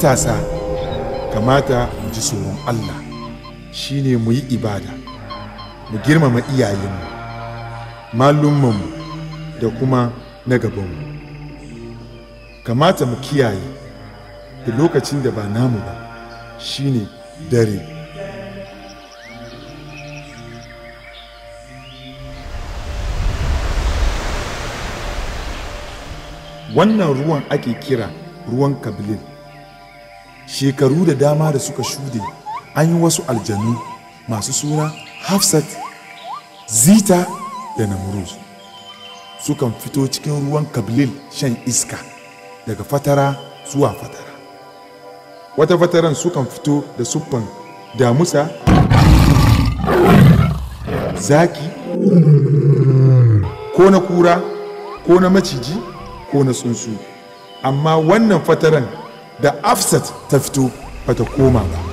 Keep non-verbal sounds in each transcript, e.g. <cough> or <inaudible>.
matasa kamata mu ji tsoron Allah shine mu yi ibada mu girmama iyayenmu malummanmu da kuma na gabanmu kamata mu kiyaye da lokacin da ba namu ba shine dare wannan ruwan ake kira ruwan kabilin shekaru da dama da suka shude an yi wasu aljanu masu suna hafsat zita da namurus sukan fito cikin ruwan kabilil shan iska daga fatara zuwa fatara wata fataran sukan fito da siffan damusa zaki ko na kura ko na maciji ko na tsuntsu amma wannan fataran da afsat ta fito ba ta koma ba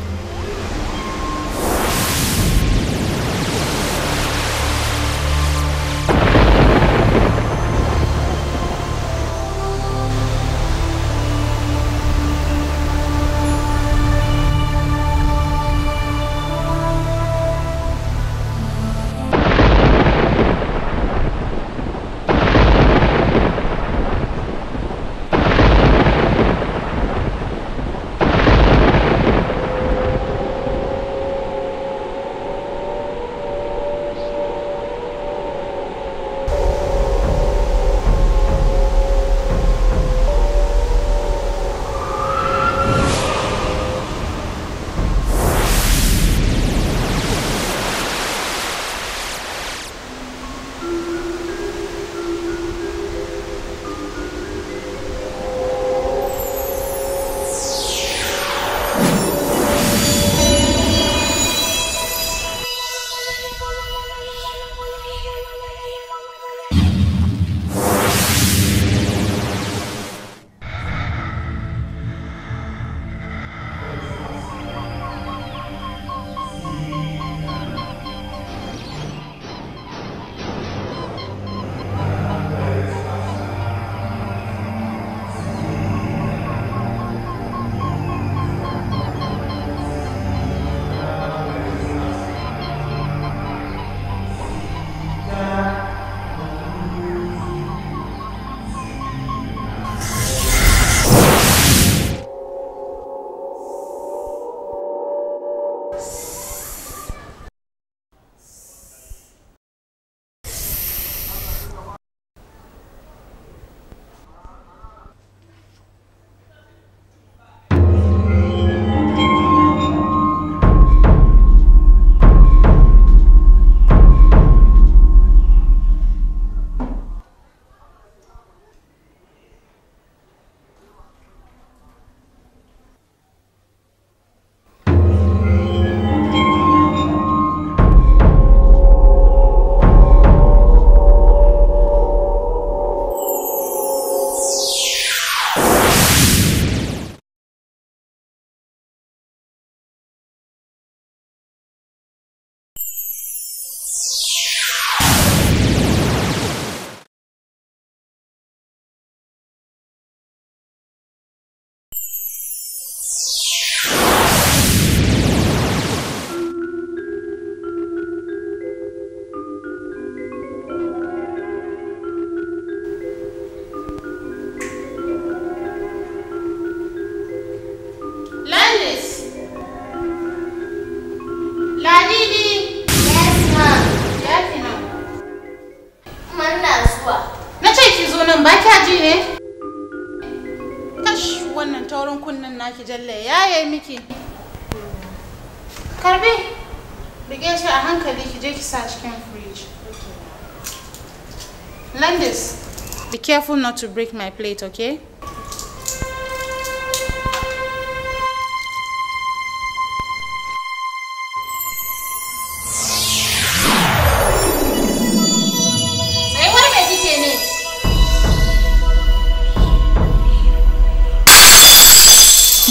careful not to break my plate, okay?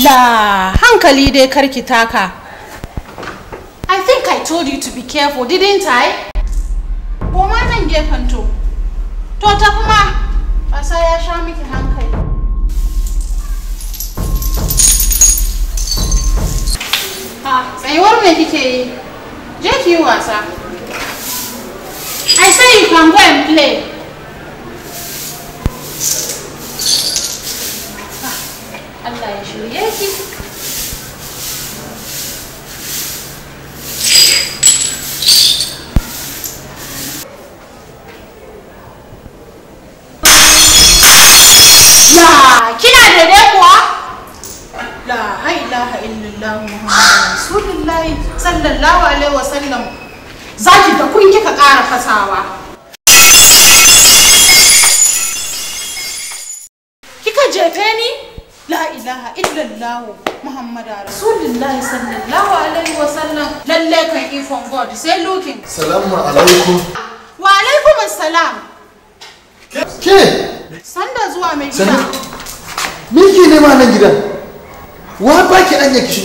La hankali dai karki taka. I think I told you to be careful, didn't I? Goma nan gefen to. To tafi ma. I say you can go and play.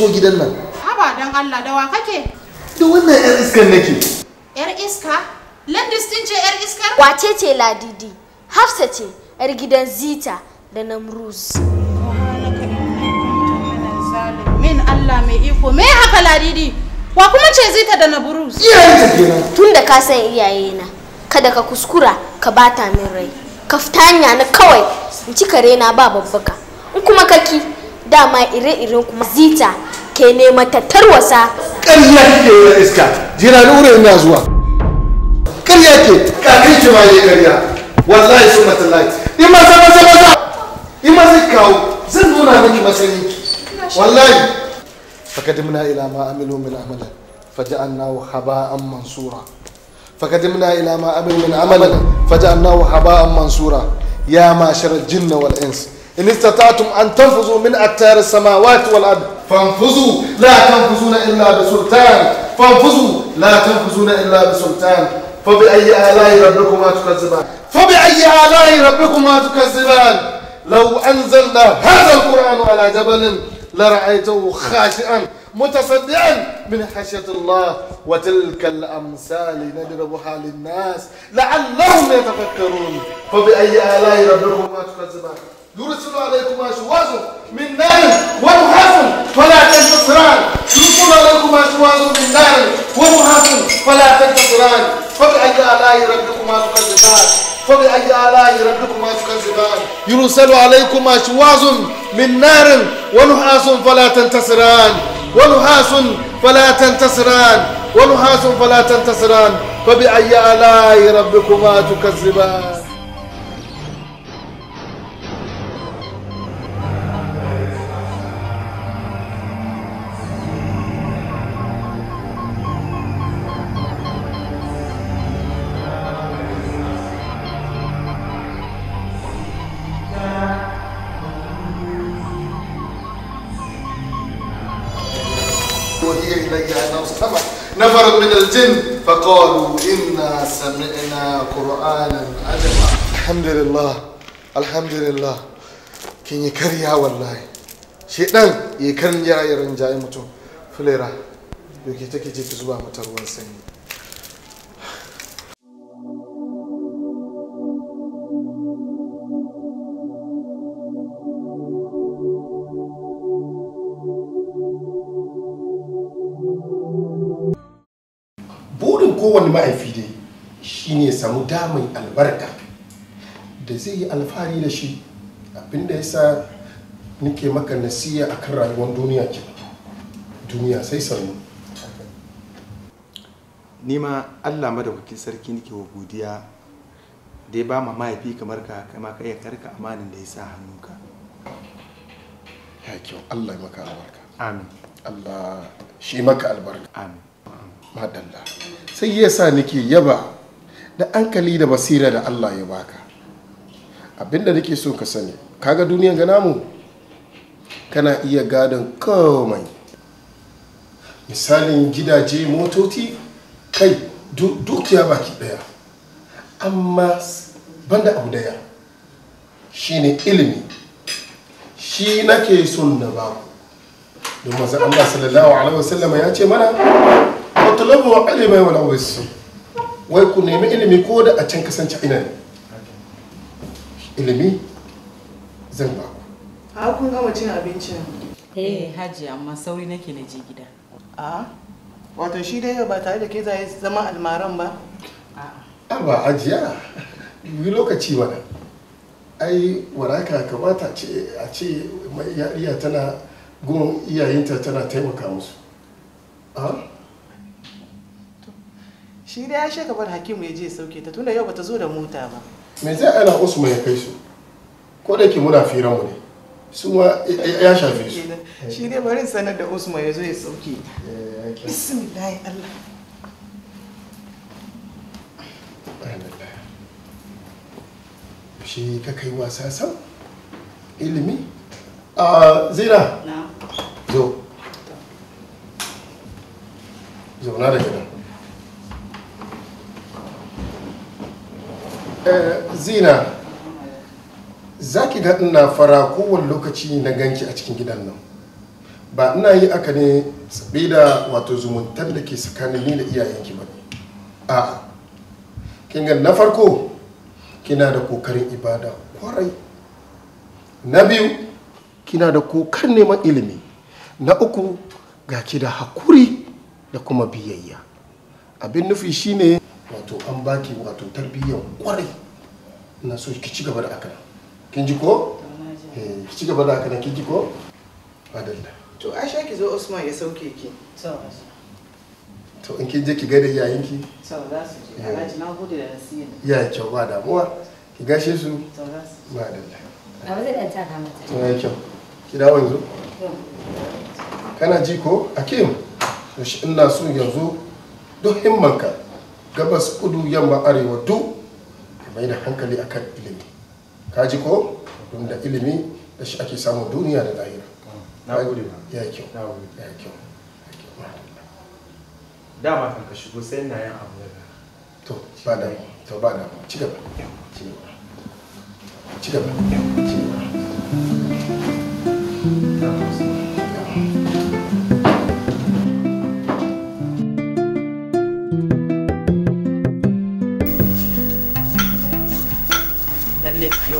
shigo gidan nan haba don allah dawa kake da wannan yar iskar nake yar iska landis din ce yar iskar wace ce ladidi hafsa ce yar gidan zita da namruz min allah mai iko me haka ladidi wa kuma ce zita da namruz iyayenta kenan tun da ka san iyayena kada ka kuskura ka bata min rai ka fitanya na kawai in ci kare na ba babbaka in kuma kaki dama ire-iren kuma zita ke nema ta tarwasa ƙarya ke yana iska jira ni wurin ina zuwa ƙarya ke kakin ki ma yi ƙarya wallahi su matallahi in sa maza maza in maza kawo zan nuna miki matsayin ki wallahi fakadimna ila ma amilu min amalan faja'alnahu haba'an mansura فقدمنا إلى ما عمل من عمل فجعلناه هباء منصورا يا معشر الجن والإنس إن استطعتم أن تنفذوا من أتار السماوات والأرض فانفزوا لا تنفزون إلا بسلطان فانفزوا لا تنفزون إلا بسلطان فبأي آلاء ربكما تكذبان فبأي آلاء ربكما تكذبان لو أنزلنا هذا القرآن على جبل لرأيته خاشعا متصدعا من خشية الله وتلك الأمثال نضربها للناس لعلهم يتفكرون فبأي آلاء ربكما تكذبان يرسل عليكم أشواز من نار ونحاس فلا تنتصران يرسل عليكم أشواز من نار ونحاس فلا تنتصران فبأي آلاء ربكما تكذبان فبأي آلاء ربكما تكذبان يرسل عليكم أشواز من نار ونحاس فلا تنتصران ونحاس فلا تنتصران ونحاس فلا تنتصران فبأي آلاء ربكما تكذبان سمعنا قرآنا عجبا الحمد لله الحمد لله kin yi karya mutum fulera yauke take mata ruwan sanyi kowane ma'aifi dai shine samu damai albarka da zai yi alfahari da shi abinda ya sa nike maka nasiya a kan rayuwar duniya ke duniya sai sannu nima allah madawakin sarki nike wa godiya da ya ba ma mahaifi kamar ka kama ka iya karka amanin da ya sa hannunka ya kyau allah maka albarka amin allah shi maka albarka amin madalla sai ya sa nike yaba da hankali da basira da Allah ya baka abinda nake so ka sani kaga duniyan ga namu kana iya gadon komai misalin gidaje motoci kai dukiya baki daya amma banda abu daya shine ilimi shi nake son na baku don maza Allah sallallahu alaihi wasallam ya ce mana wa talabu ilmi wal awis wai ku nemi ilimi ko da a can kasance ina ne ilimi zan ba ku a kun gama cin abincin eh haji amma sauri nake na je gida a wato shi dai ba tare da ke zai zama almaran ba a ba ajiya bi lokaci mana ai waraka kamata a ce yariya tana gun iyayenta tana taimaka musu a shi da ya she gaban hakimu ya je sauke ta tunda yau bata zo da mota ba me zai ana usman ya kai su ko da ke muna firan mu ne su ma ya shafe su shi dai bari sanar da usman ya zo ya sauke ta eh, bismillah allah shi ka kai wasa sau ilimi a ah, zira zina za ki ga ina fara kowane lokaci na ganki a cikin gidan nan ba ina yi aka ne sabida wato zumuntar da ke tsakanin ni da iyayenki ba a kin ga na farko kina da kokarin ibada kwarai na biyu kina da kokar neman ilimi na uku ga ki da hakuri da kuma biyayya abin nufi shine wato an baki wato tarbiyyar kwarai ina so ki ci gaba da haka kin ji ko eh ki ci gaba da haka kin ji ko madalla to aisha ki zo Usman ya sauke ki to in kin je ki gaida yayin ki to za su je eh. alhaji na gode da nasiha ya kyau ba damuwa ki gashe su to za su ba madalla ba zai dan taka mata to ya kyau ki dawo yanzu kana ji ko akim to shi ina so yanzu duk himmanka gabas kudu yamma arewa duk mai da hankali kan ilimi ka ji ko don da ilimi da shi ake samun duniya da lahira na gode ya kyau na gode ya kyau dama kan ka shigo sai na yin abu daga to ba da to ba da ci gaba ci gaba ci gaba ci gaba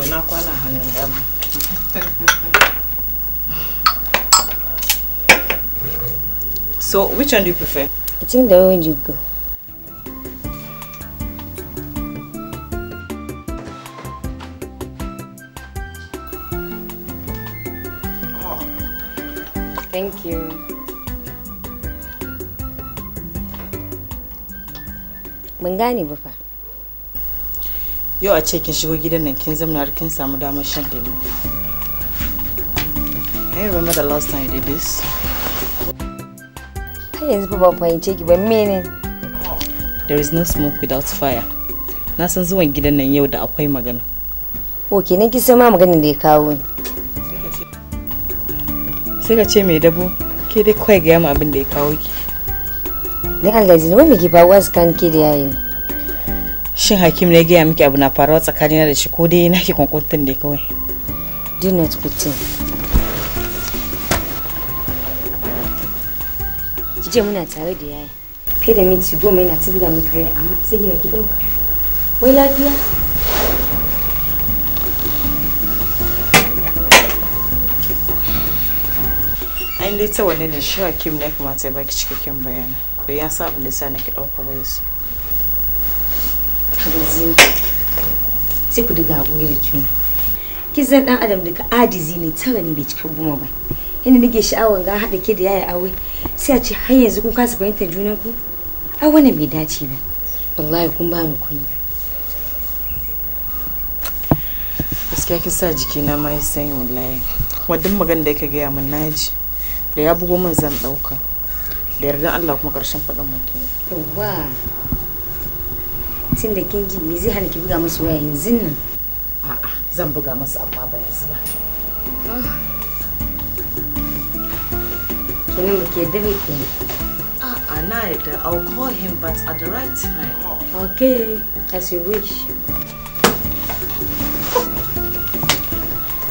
<laughs> so which one do you prefer i think the one you go Thank you. Ban gane yau a ce kin shigo gidan nan kin zamna har kin samu damar shan lemu I remember the last time you did this har yanzu ba ban fahimce ki ba mene there is no smoke without fire na san zuwan gidan nan yau da akwai magana ok na kisa ma maganin da ya kawo ni sai ka ce mai dabo ke dai kawai ga yamma abin da ya kawo ki Ni Allah zai ne wani me ba wasu kan ke da yayin shin hakim ne gaya miki abu na faruwa tsakanina da shi ko dai naki kwankwantin ne kawai dinet kuti pretend muna tare da yayi fiye da minti goma yana ta buga miki rai amma sai ya ki ɗauka wai lafiya an dai ta wani ne shi hakim ne kuma ta baki cikakken bayani bai ya sa abin da sa nake ɗauka wai su ajizi sai ku haƙuri da juna ki zan dan adam daga ajizi ne tara ne bai cikin goma ba yadda nake sha'awar ga haɗa ke da yaya aure sai a ce har yanzu kun kasa fahimtar junan ku ai wannan bai dace ba wallahi kun ba ni kunya gaskiya kin sa jikina ma ya sanyi wallahi wadin magana da ka gaya min naji da ya bugo min zan ɗauka da yardan Allah kuma ƙarshen faɗin mu kenan tun da kin ji me zai hana ki buga musu waya yanzu nan a'a zan buga musu amma ba yanzu ba ah. kenan ba ke dare ke a'a na yadda i'll call him but at the right time okay as you wish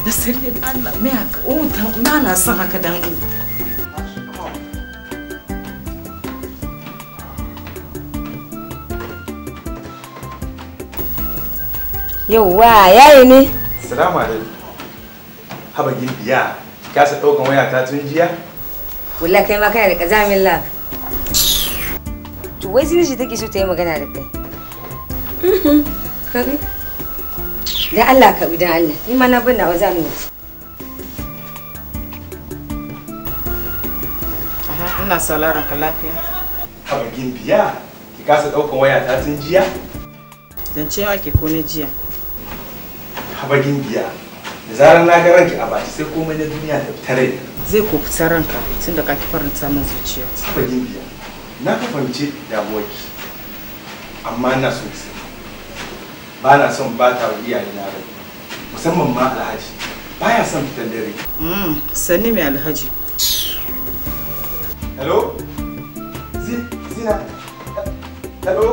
da sirrin Allah me haka oh, na na san haka dan Yauwa yayi ne? Salamu alaikum. Haba gimbiya, ka sa ɗaukan waya ta tun jiya? Walla kai ma kai da kazamin lak. To wai sai shi take so ta yi magana da kai. Mm-hmm. Kabi. Da Allah ka bi dan Allah. Ni ma na bin da wazan ne. Aha, ina sauraron ka lafiya. Haba gimbiya, ki kasa ɗaukan waya ta tun jiya? wa ke ko ne jiya? habagin biya da zarar na ga ranki a baki sai komai na duniya ta tare zai ko fitar ranka tun da kaki faranta min zuciya habagin biya na ka fahimci damuwarki amma ina so ki ba na son ba ta wa iyaye na rai musamman ma alhaji baya son fitan dare mm, sani mai alhaji hello zina hello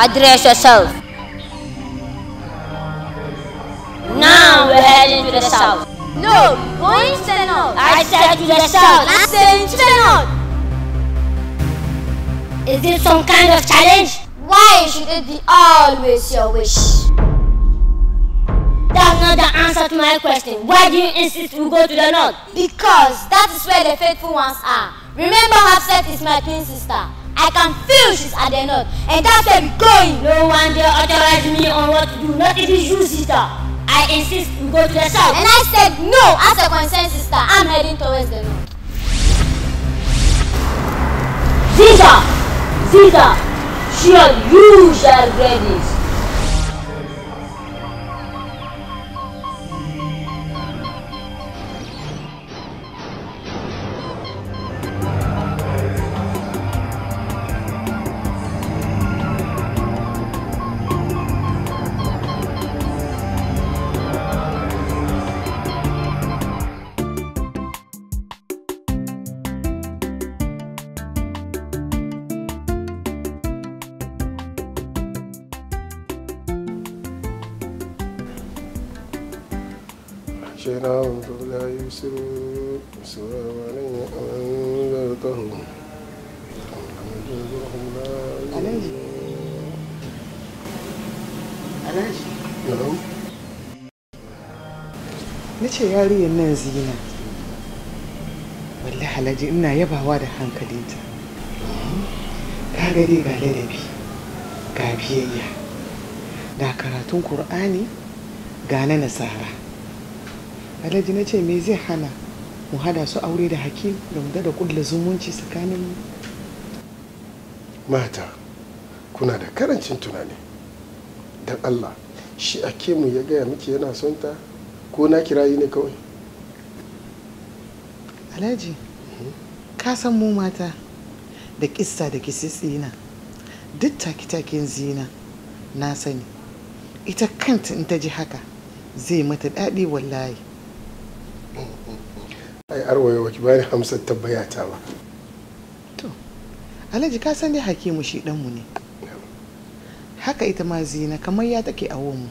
Address yourself. Now we're heading to the south. No, going to the north. I said to the south. I'm saying to the north. Is this some kind of challenge? Why should it be always your wish? That's not the answer to my question. Why do you insist we go to the north? Because that is where the faithful ones are. Remember, Hafset is my twin sister. I can feel she's at the north. And that's where we're going. No one dare authorize me on what to do, not even you, sister. I insist we go to the south. And I said no as a concerned sister. I'm heading towards the north. Ziza! Ziza! Sure, you shall regret this. nace فلا يبصرون سواء أنذرتهم Na nan zina. Wallahi Alhaji ina yabawa da hankalinta. Ka gari ga ladabi, ga biyayya, Da karatun Kur'ani, ga na nasara. alhaji na ce me zai hana mu hada su aure da hakim da mu da kulla zumunci tsakanin mu mata kuna da karancin tunani don allah shi ake mu ya gaya miki yana son ta ko na kirayi ne kawai alhaji mhm. ka san mu mata da kissa da kisitsina duk taki-takin zina na sani ita kanta in ta ji haka zai mata daɗi wallahi ai arwaye waki bani hamsar tabbaya ta ba to alhaji ka san dai hakimu shi dan mu ne haka ita ma zina kamar ya take a mu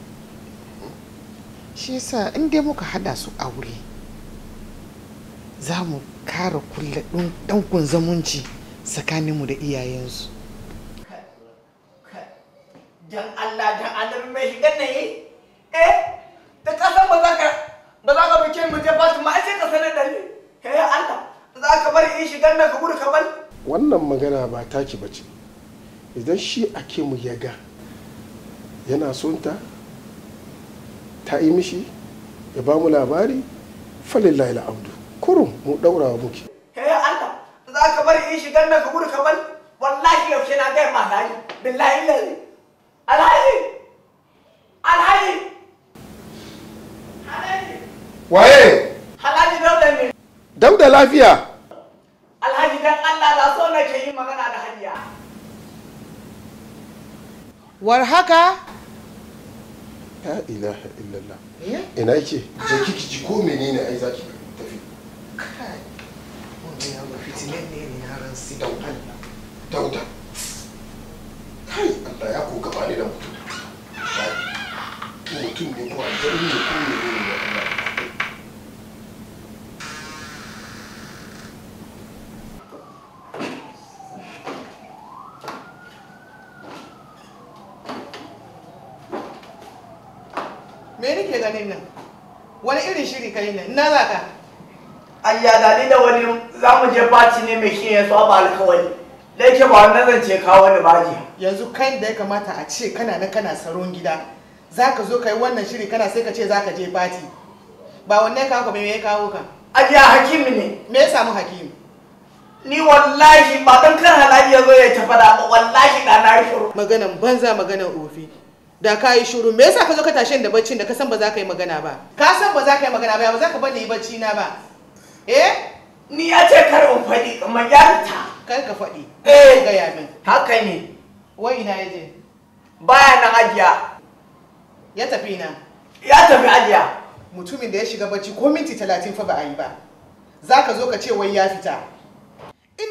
shi yasa in dai muka hada su aure za mu kara kulle dankun zamunci tsakaninmu da iyayensu dan Allah dan Allah mai shigar ne eh da kasan ba za ka ba za ka buke mu je Fatima ai sai ka sanar da ni he Allah za ka bari in shigar nan ka gudu ka bari wannan magana ba taki bace idan shi ake mu ya ga yana sunta ta yi mishi ya ba mu labari falillahi la'abdu kurum mu daura wa muke he Allah za ka bari in shigar nan ka gudu ka bari wallahi yaushe na gaya ma lahi billahi lahi alhaji waye alhaji dauda ne dauda lafiya alhaji dan allah da so nake yi magana da hajiya war haka Ya ilaha illallah eh? ina yake je kiki ji ko menene ai zaki tafi kai ne ya ba ne ne na ran si dauda dauda kai allah ya ko gaba ne da mutum mutum ne ko a aljanni ne ko ne ne shiri kai ne ina za ka ayya da ni da wani za mu je baci ne mai shi ya saba alkawari da yake ba wannan zance kawo wani baji yanzu kai da ya kamata a ce kana na kana saron gida za ka zo ka yi wannan shiri kana sai ka ce za ka je baci ba wanne kawo ka me ya kawo ka ayya hakimi ne me ya samu hakimi ni wallahi ba dan kan halali ya zo ya tafada da wallahi da na shiru maganan banza maganan ofi da ka yi shuru me yasa ka zo ka tashi da bacci da ka san ba za ka yi magana ba ka san ba za ka yi magana ba ba za ka bani bacci na ba eh ni ya ce kar in faɗi kamar kar ka faɗi eh ga yamin haka ne wai ina je. baya nan ajiya ya tafi na ya tafi ajiya mutumin da ya shiga bacci ko minti talatin fa ba a yi ba za ka zo ka ce wai ya fita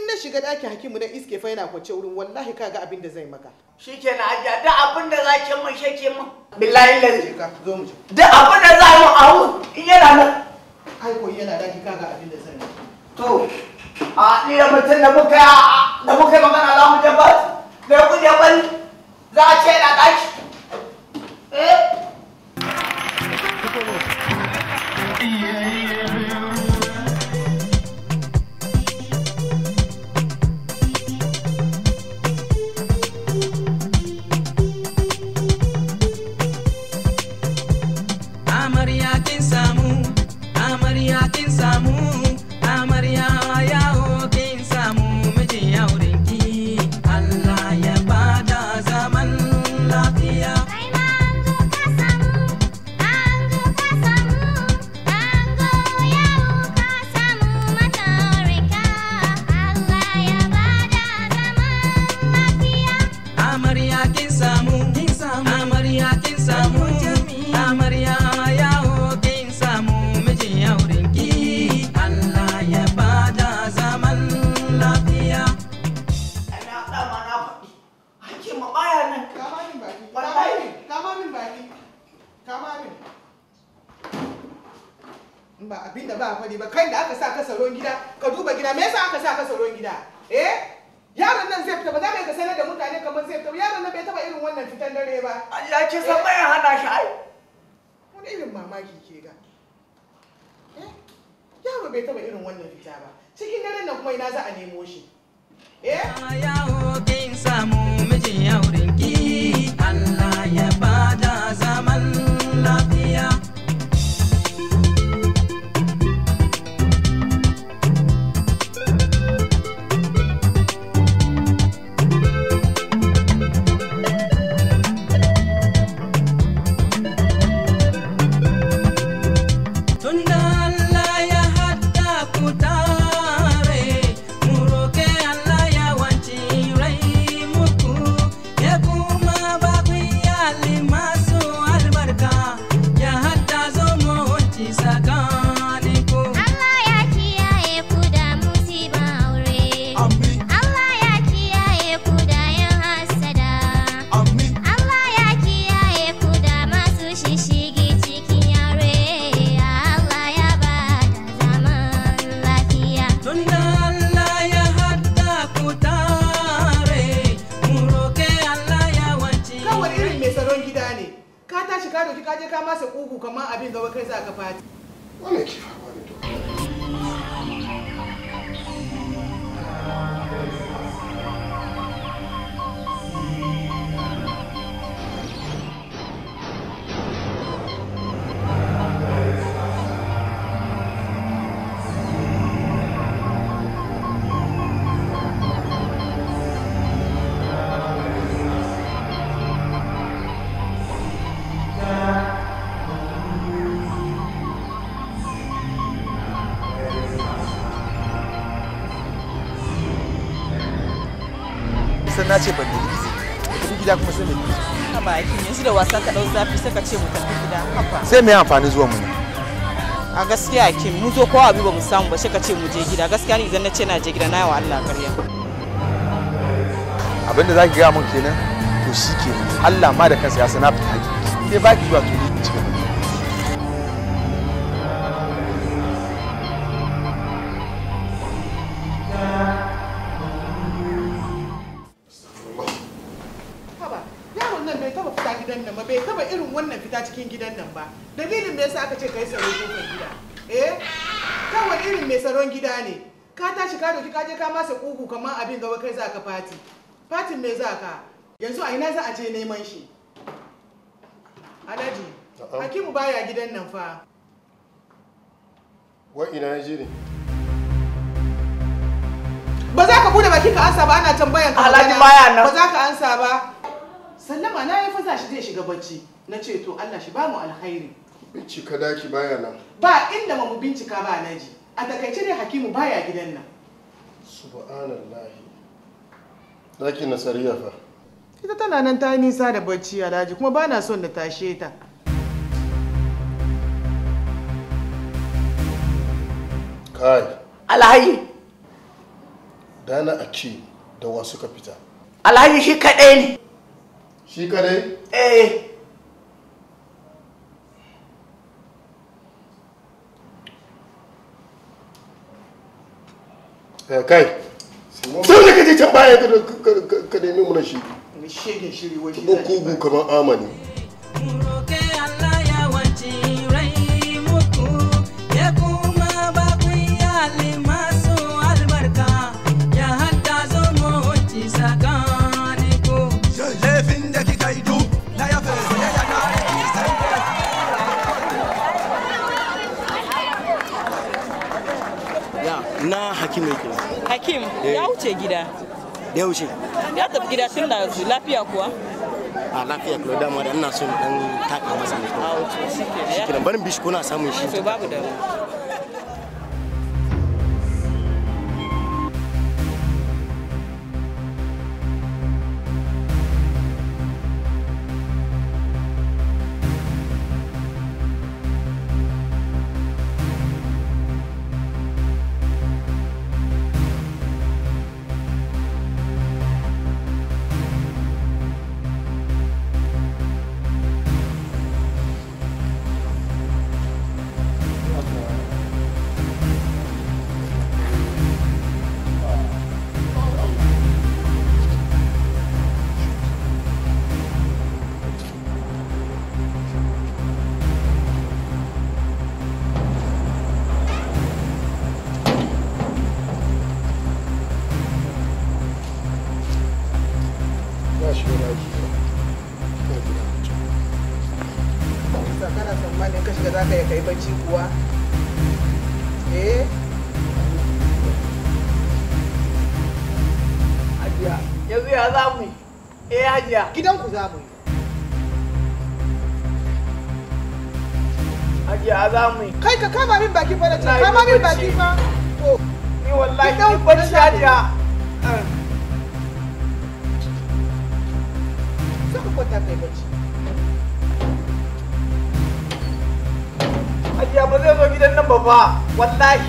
na shiga ɗakin hakimu na iske fa yana kwance wurin wallahi ka ga abin da zai maka shikenan hajiya da abin da ke mun sheke mun billahi lazi ka zo mu da abin da za mu awu in yana nan kai ko yana da ka ga abin da zai maka to a ni da mutum da muka da muka magana za mu jabbat da ku ban za a ce na ɗaki eh da wasa ka ɗau zafi sai ka ce mu tafi gida haba sai me amfani zuwa mu a gaskiya kin mu zo kowa abi ba mu samu ba sai ka ce mu je gida gaskiya ni idan na ce na je gida na yawa Allah kariya abinda zaki ga mun kenan to shike Allah ma da kansa ya sanar da haƙiƙa sai baki zuwa to ni ci gaba kai za ka fati fatin me za ka yanzu a ina za a je neman shi alhaji hakimu baya gidan nan fa wa ina ya je ne ba za ka bude baki ka ansa ba ana tambayan ka alhaji baya nan ba za ka ansa ba sallama na ya fasa shi zai shiga bacci na ce to Allah shi ba mu alkhairi bincika daki baya nan ba inda mu bincika ba naji a takaice ne hakimu baya gidan nan subhanallah Daki na sariya fa. Ita tana nan ta yi nisa da bacci alhaji kuma ba na son na tashe ta. Kai. Alhaji. Dana a ce da wa suka fita. Alhaji shi kaɗai ne. Shi kaɗai? Eh. eh kai. sau da kaje can baya ka nemi mana shi shegin shiri wai shi kugu kamar amani hakim ne ke hakim eh. ya wuce gida ya wuce ya tafi gida tun da lafiya kuwa a lafiya kuwa dama da ina son dan taka masa ne a wuce shi kenan barin bishi ko na samun shi to babu da what that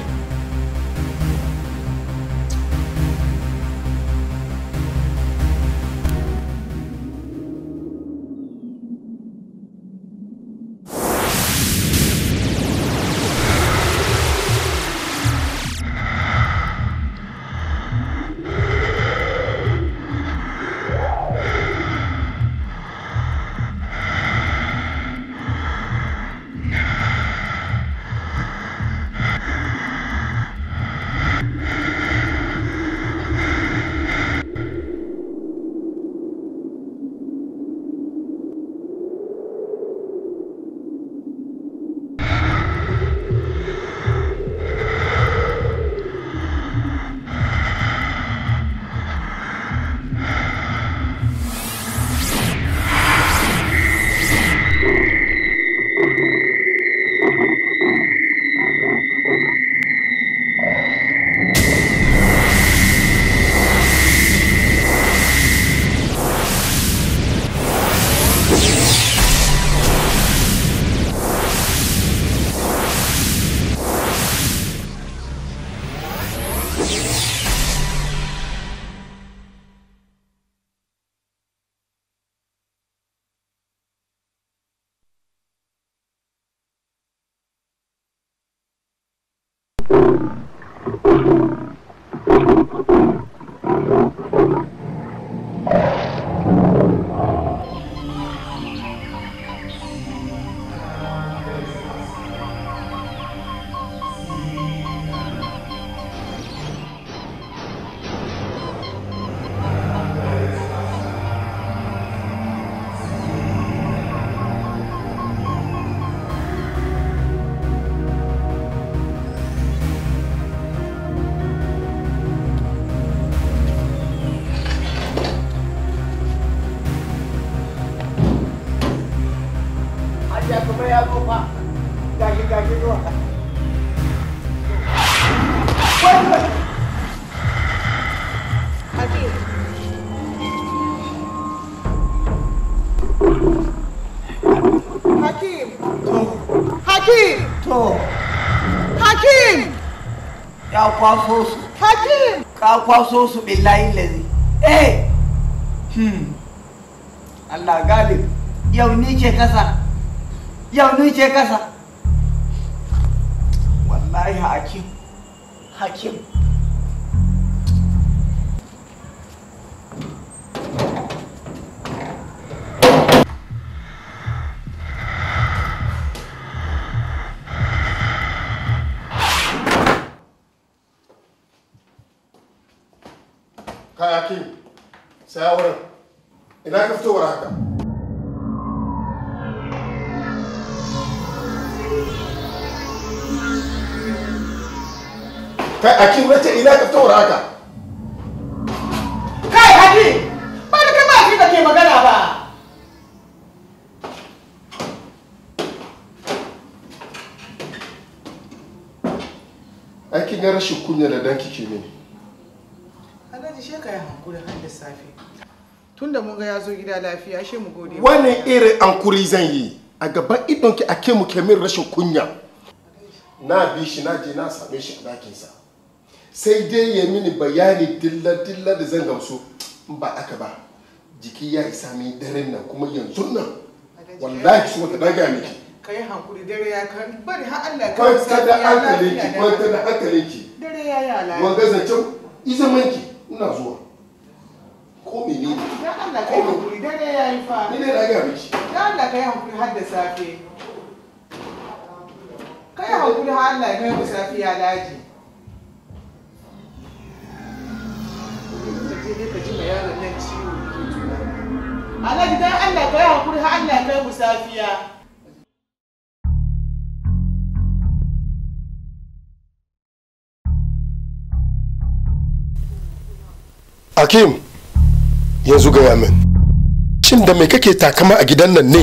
kwaso su ka kwaso su billahi lazi eh hmm Allah galib yau ni ce kasa yau ni ce kasa a kin nace ina ka fito haka kai hadi ba da kai ma magana ba ai kin ga rashin kunya da danki ke ne Alhaji sheka ya hankuri har da safe tunda mun ga ya zo gida lafiya mu gode irin ankuri zan yi a gaban idonki a ke mu kemin rashin kunya na bi shi na je na same shi a dakinsa sai dai ya mini bayani dilla-dilla da zan gamsu ba aka ba jiki ya isa mai daren nan kuma yanzu nan wallahi su wata daga miki kai hankuri dare ya kan bari har Allah ka sa da hankali ki kwanta da hankali ki dare ya ya la wanda zace izaman ki ina zuwa ko menene ya Allah kai hankuri dare ya yi fa ni ne daga miki ya Allah kai hankuri har da safe kai hankuri har Allah kai mu safiya laji yaron nan ciwo ke tunani alhaji dan Allah ka yi hakuri har Allah kai mu safiya Hakim yanzu gaya min shin da me kake takama a gidan nan ne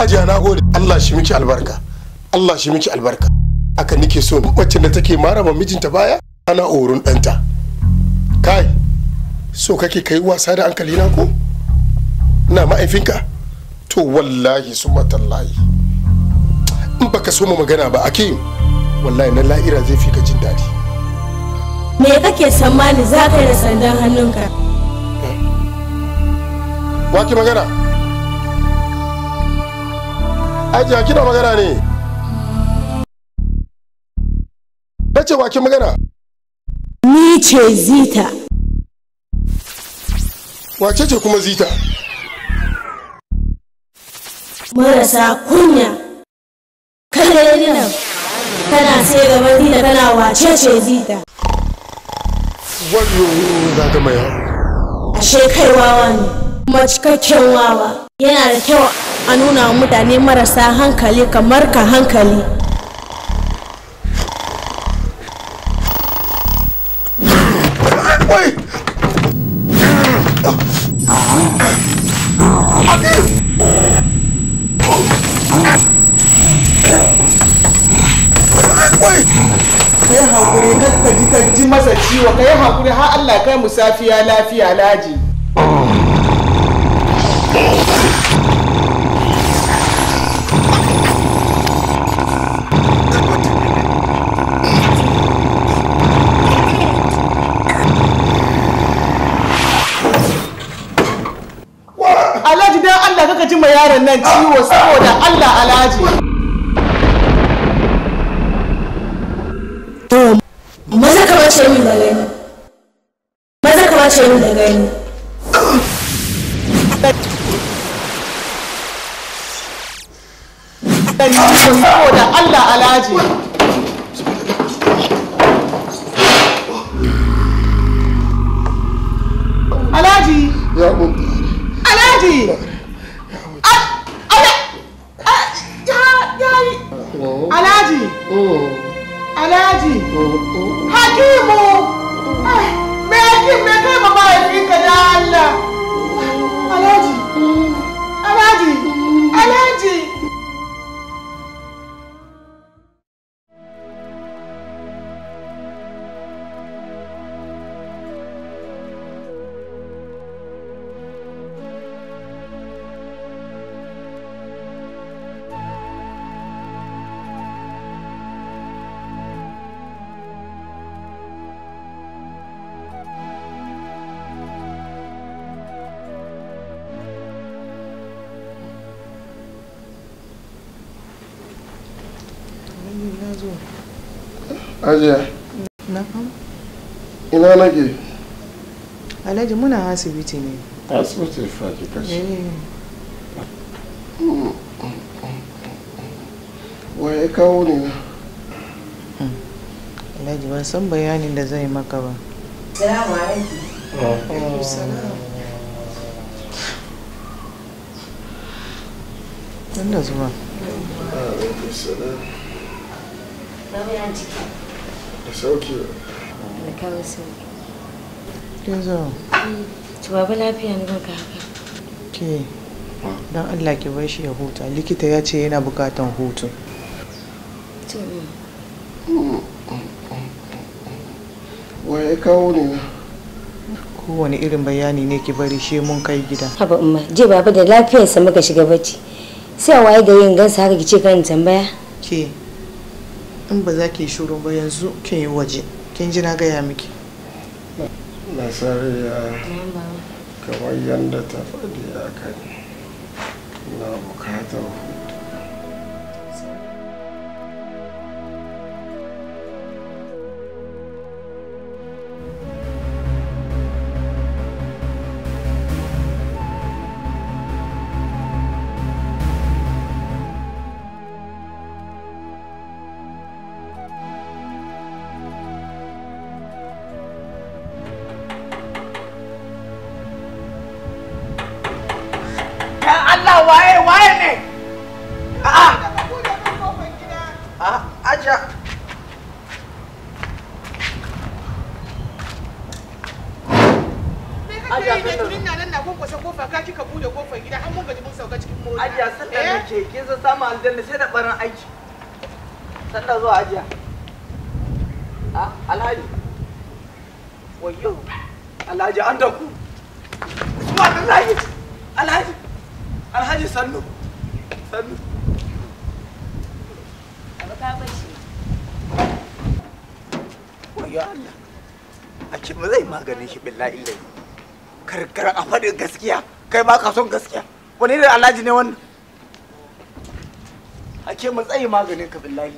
ajiya na gode Allah shi miki albarka Allah shi miki albarka haka nike so wacce da take mara ma mijinta baya ana orun ɗanta kai so kake kai wasa da hankali na ko na ma'aifinka to wallahi su matallahi in baka so mu magana ba ake wallahi na la'ira zai fi ka jin daɗi me kake tsammani za ka yi da sandan hannunka wake magana ajiya kina magana ne ce bakin magana? Ni ce Zita. Wace ce kuma Zita? Marasa kunya. Kalar nan tana sai gaban Zita tana wace ce Zita. Wayo za ga maya. Ashe kai wawa ne, kuma cikakken wawa. Yana da kyau a nuna mutane marasa hankali kamar ka hankali. Wait! Ka yi haƙuri ka ji masa ciwo, ka yi haƙuri har Allah kai mu safiya lafiya laji. yaron nan ciwo saboda Allah alhaji Ajiya. Ina nake? Alhaji muna asibiti ne. Asibiti faji kashi. Eh. Wa ya kawo ne na? Hmm. Alhaji ban san bayanin da zai maka ba. Salamu alaikum. Oh. Salamu. Inda zuwa. Salamu. Salamu. sauki kawo sauki ke don Allah ki bar shi ya huta likita ya ce yana bukatan hutu waye kawo ne na kowane irin bayani ne ki bari shi mun kai gida haba umma je baba da lafiyarsa muka shiga bacci sai waye da yin gansa haka ki ce kan tambaya ke in ba za ki shuru ba yanzu kin yi waje kin ji na gaya miki ya kamar yadda ta faɗi a kai na bukatar ajiya sallar da eh? ke kin san samun aljanna sai da barin aiki sallar zuwa ajiya ah, alhaji wayo alhaji an da ku zuwa alhaji alhaji alhaji sannu sannu wayo Allah a ce ba zai maganin shi billahi illahi karkar a faɗin gaskiya kai ma ka son gaskiya wani da alhaji ne wannan ake matsayi maganin ka billahi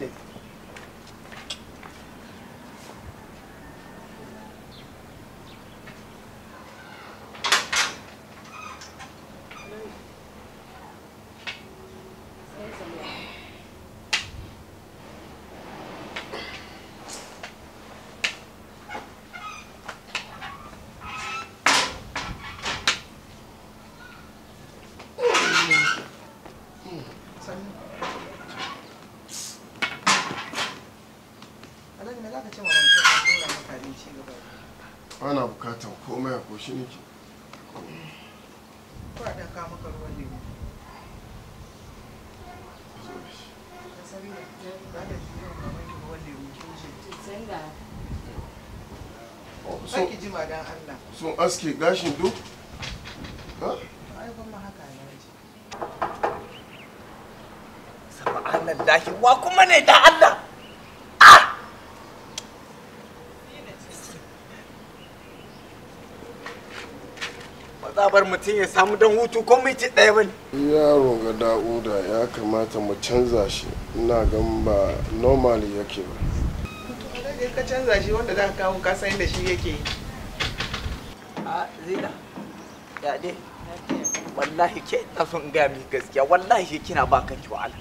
aske gashin duk ha Subhanallahi wa kuma ne da Allah ah! zabar mutum ya samu don hutu ko minti ɗaya ba ne. yaro ga da'uda ya kamata mu canza shi ina gan ba normal yake ba ka canza shi wanda za ka kawo kasan da shi yake yi Zina, ya dai? Wallahi ke ina son gaya miki gaskiya, wallahi kina ba kanki wahala.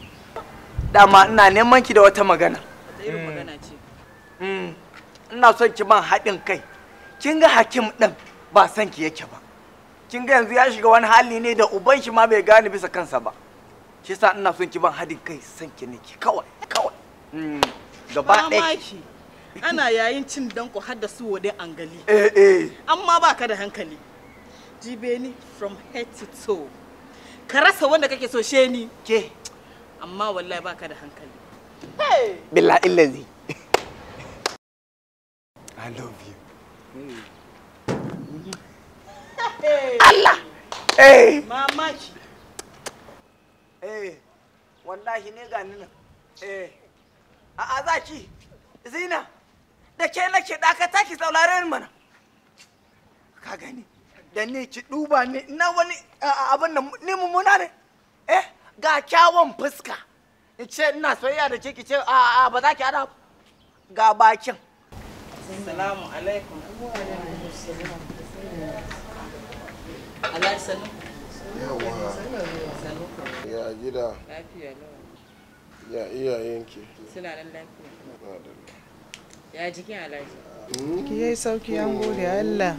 Dama ina neman ki da wata magana. Mm. Mm. Ina son ki man haɗin kai. Kin ga hakim ɗin ba son ki yake ba. Kin ga yanzu ya shiga wani hali ne da uban shi ma bai gane bisa kansa ba. Shi sa ina son ki ban haɗin kai son ki ne ki kawai kawai. Mm. Gaba ɗaya. ana yayin cin danko har da su wode angali eh eh amma baka da hankali jibe ni from head to toe ka rasa wanda kake so she ni ke amma wallahi baka da hankali hey illazi i love you hey. Allah eh mamaki eh wallahi ne ga nan eh a'a zaki zina da ke nake dakata ki saurare mana ka gani da ni ki duba ne na wani abin da ni mummuna ne eh ga kyawun fuska in ce ina soyayya da ke ki ce a a ba za ki hada ga bakin assalamu alaikum Allah sanu yawa ya gida lafiya lawa ya iyayenki suna nan lafiya ya jikin ki yi sauki an gode allah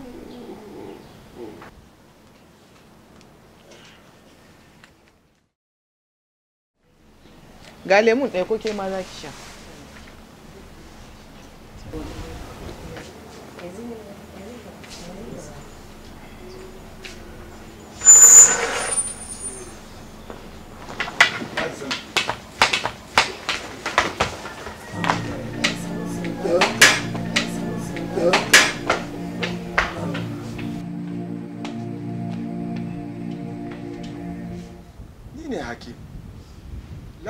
ga lemun ɗaya ko ma za ki sha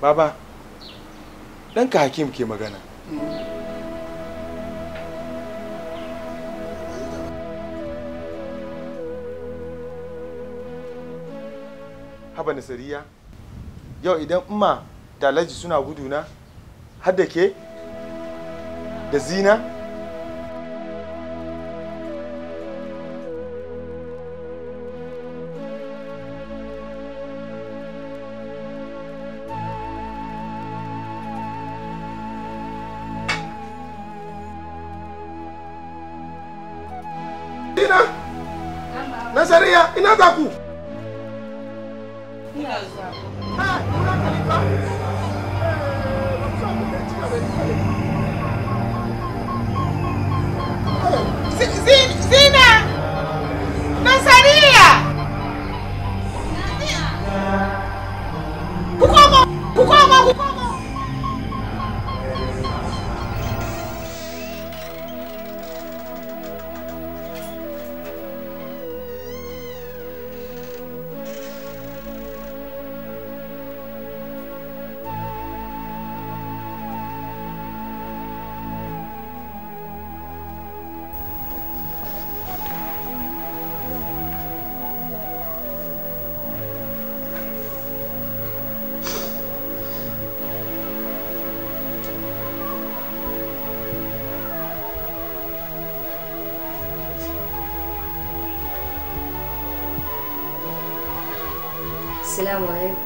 Baba, ɗanka Hakim ke magana. Haba Nasariya, yau idan umma da Alhaji suna guduna, har da ke, da zina, 하다고 السلام عليكم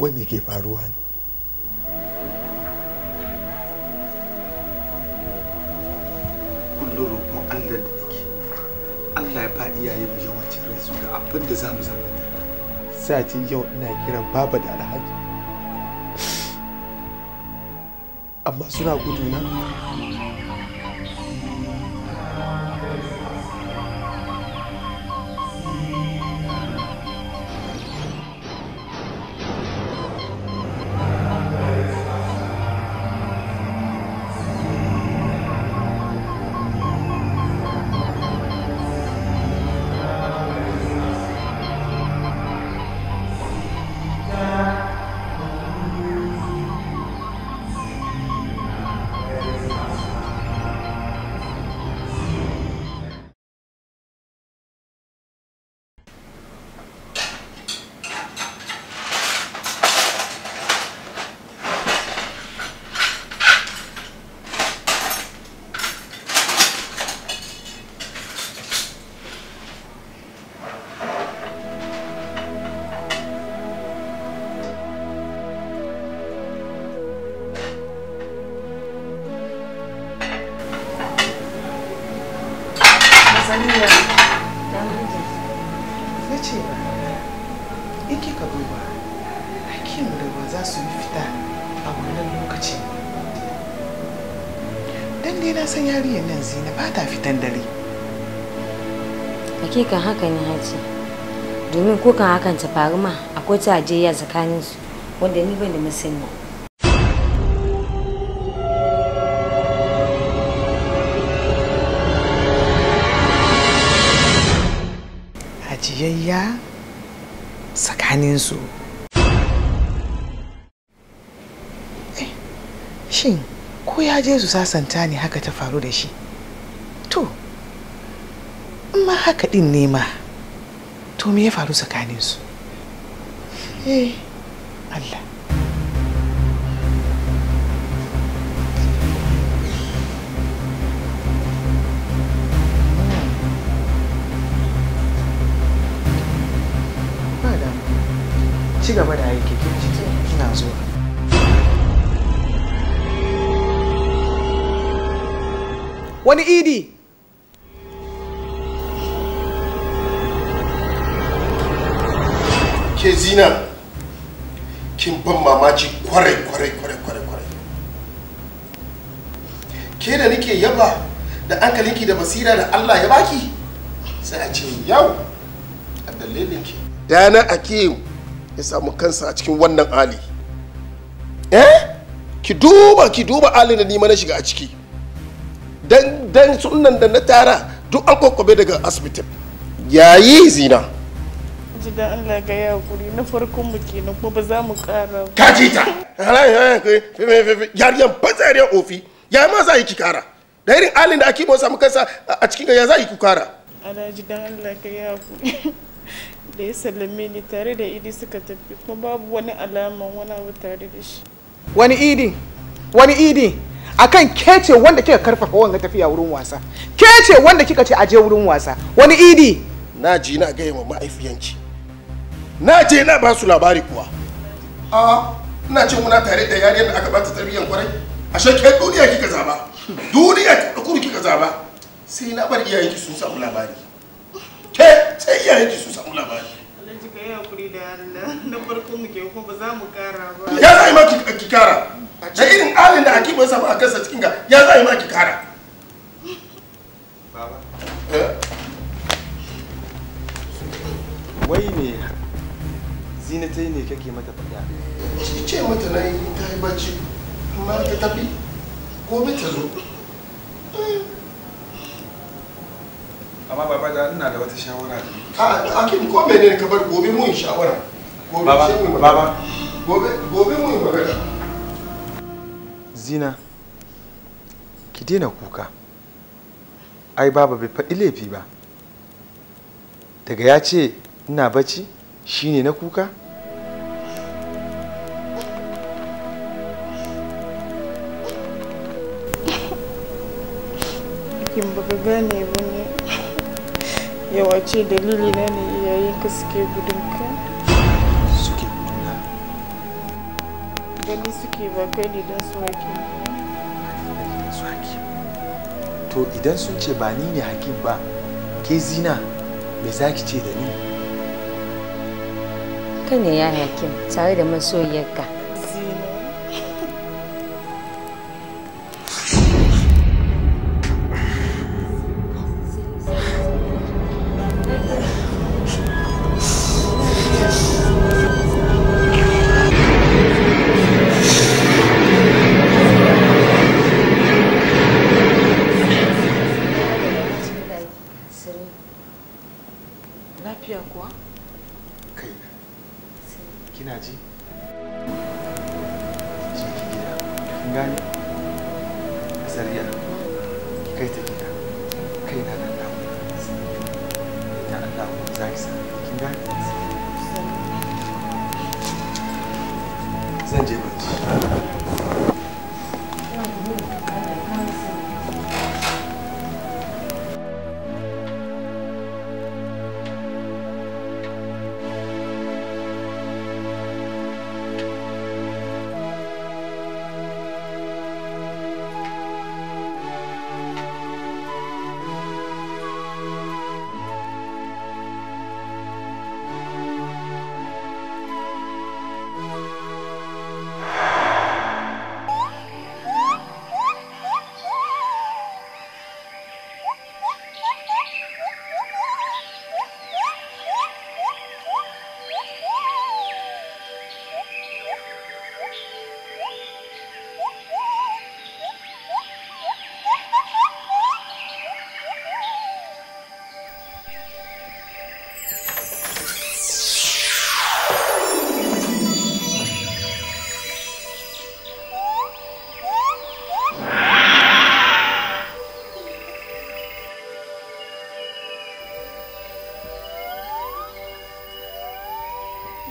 when we give one. abin da za mu zama sai yau ina kiran baba da alhaji amma suna gudu na hakikan haka ne haji domin kukan hakan ta faru ma akwai ta ajiyya tsakanin su wanda ni ban da masani ajiyayya tsakanin su eh, shin ko ya je su sasanta ne haka ta faru da shi ma haka din ne ma to me ya faru tsakaninsu eh allah ci gaba da aiki ina zuwa wani idi zina kin ban mamaci kwarai kwarai kwarai kwarai kwarai ke da nake yaba da ankalinki da basira da Allah ya baki sai a ce yau a ki dana ake ya samu kansa a cikin wannan hali eh ki duba ki duba hali da ni mana shiga a ciki dan dan sunan da na tara duk an daga asibitin yayi zina ji da Allah ga ya guri na farkon mu kenan kuma ba za mu kara ba ka ji ta yariyan ofi ya ma za yi ki kara da irin alin da bosa samu kansa a cikin ga ya za yi ki kara ana ji dan Allah ga ya guri <laughs> da ya sallame ni tare da idi suka tafi kuma babu wani alama wani abu tare da shi wani idi wani idi akan ke ce wanda kika karfafa wanga tafiya wurin wasa ke ce wanda kika ce aje wurin wasa wani idi na ji na gaya ma ma'aifiyanci na je na ba su labari kuwa a ina ce muna tare da yariyar da aka ba ta tarbiyyar kwarai a shakke duniya kika zaba duniya kuru kika zaba sai na bar iyayenki sun samu labari ke sai iyayenki sun samu labari alhaji ka yi hakuri da kara ba ya za yi ma ki kara da irin alin da hakimu samu a kansa cikin ga ya za yi ma ki kara baba eh? wai ne zina yi ne kake mata faɗa shi ce mata na yi ta yi bacci amma ta tafi gobe ta zo amma baba da ina da wata shawara a akin ko mene ka bar gobe mun shawara baba baba gobe gobe mun magana zina ki daina kuka ai baba bai faɗi laifi ba daga ya ce ina bacci shine na kuka aikin baka gane ba ne yawa dalili na ne yayin ka suke gudun ka suke gudun gani suke ba kai ne don su hakim ba. to idan sun ce ba ni ne hakim ba ke zina me za ki ce da ni ka ne ya hakim tare da masoyiyarka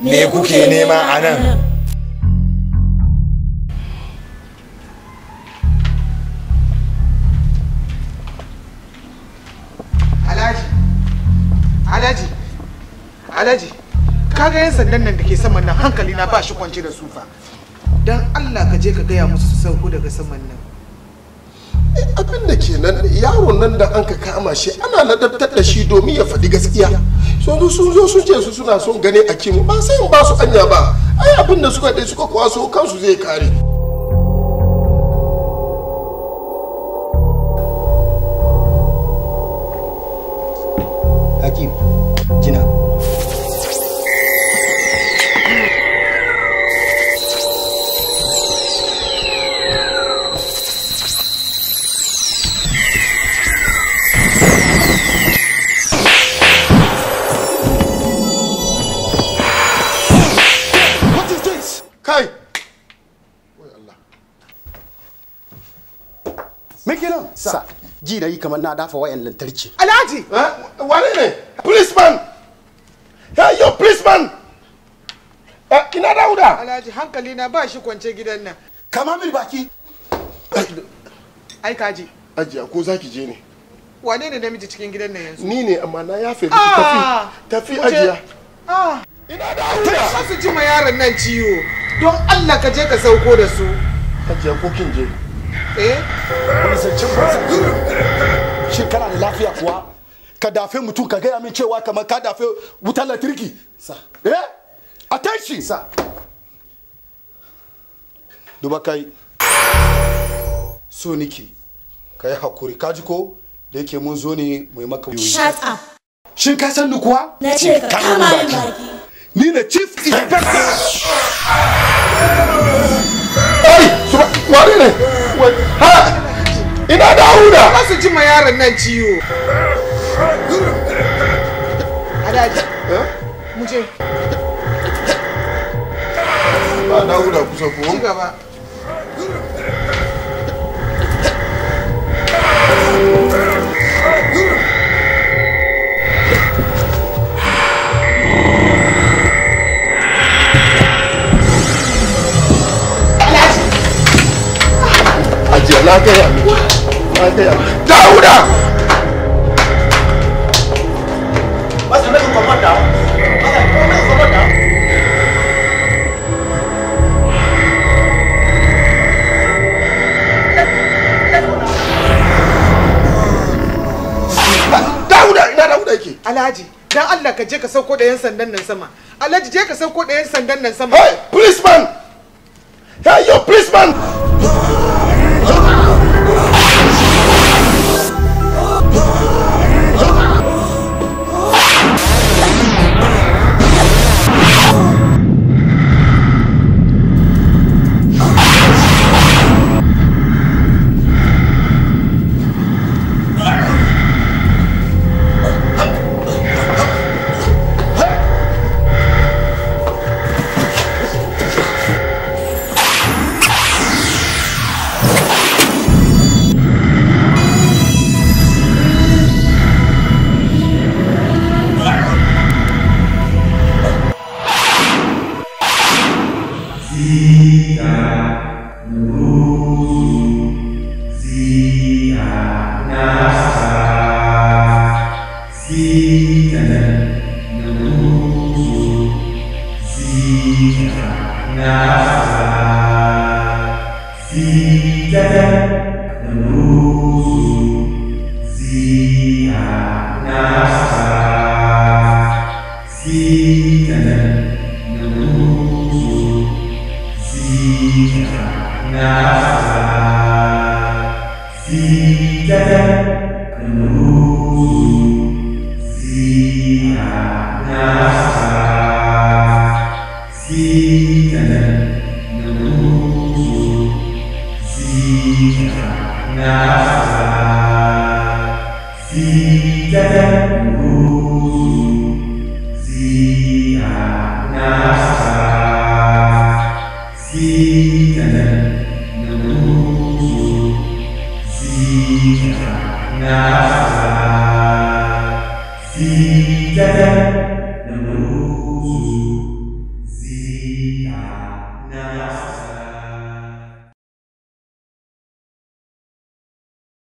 me kuke nema a nan alhaji alhaji alhaji kaga yan sandan nan da ke saman nan hankali na ba shi kwance da sufa don allah ka je ka gaya musu su sauko daga saman nan abin da ke nan yaron nan da an ka kama shi ana ladabtar da shi domin ya faɗi gaskiya sun sun zo sun ce su suna son gane a kimu ba sai in ba su anya ba ai abin da suka dai suka kwaso kansu zai kare da yi kamar na dafa wayan lantarki alhaji eh? wane ne policeman hey yo policeman eh, ina dauda alhaji hankali na ba shi kwance gidan nan kama min baki ai kaji ajiya ko zaki je ne wane ne namiji cikin gidan nan yanzu ni ne amma na yafe miki tafi ah! tafi ajiya ah! ina dauda sa su ji ma yaron nan ciwo don Allah ka je ka sauko da su ajiya ko kin je eh polisancin polisancin shin kana da lafiya kuwa ka dafe mutum ka gaya min cewa kamar ka dafe wutar lantarki sa eh attention sa duba kai so niki kai hakuri ka ji ko da yake mun zo ne mai maka yoyi shut up shin ka san ni kuwa na ce ka kama yin baki ni ne chief inspector ne? Ha! Ina Dawuda! Ba su ji ma yaron nan ciwo. Alhaji. Eh? Ba Dawuda kusa ko? Ci gaba. <laughs> na gaya na gaya dauda masa na kuma mata Alhaji, dan Allah ka je ka sauko da 'yan sandan nan sama. Alhaji je ka sauko da 'yan sandan nan sama. Hey, policeman! Hey, you policeman!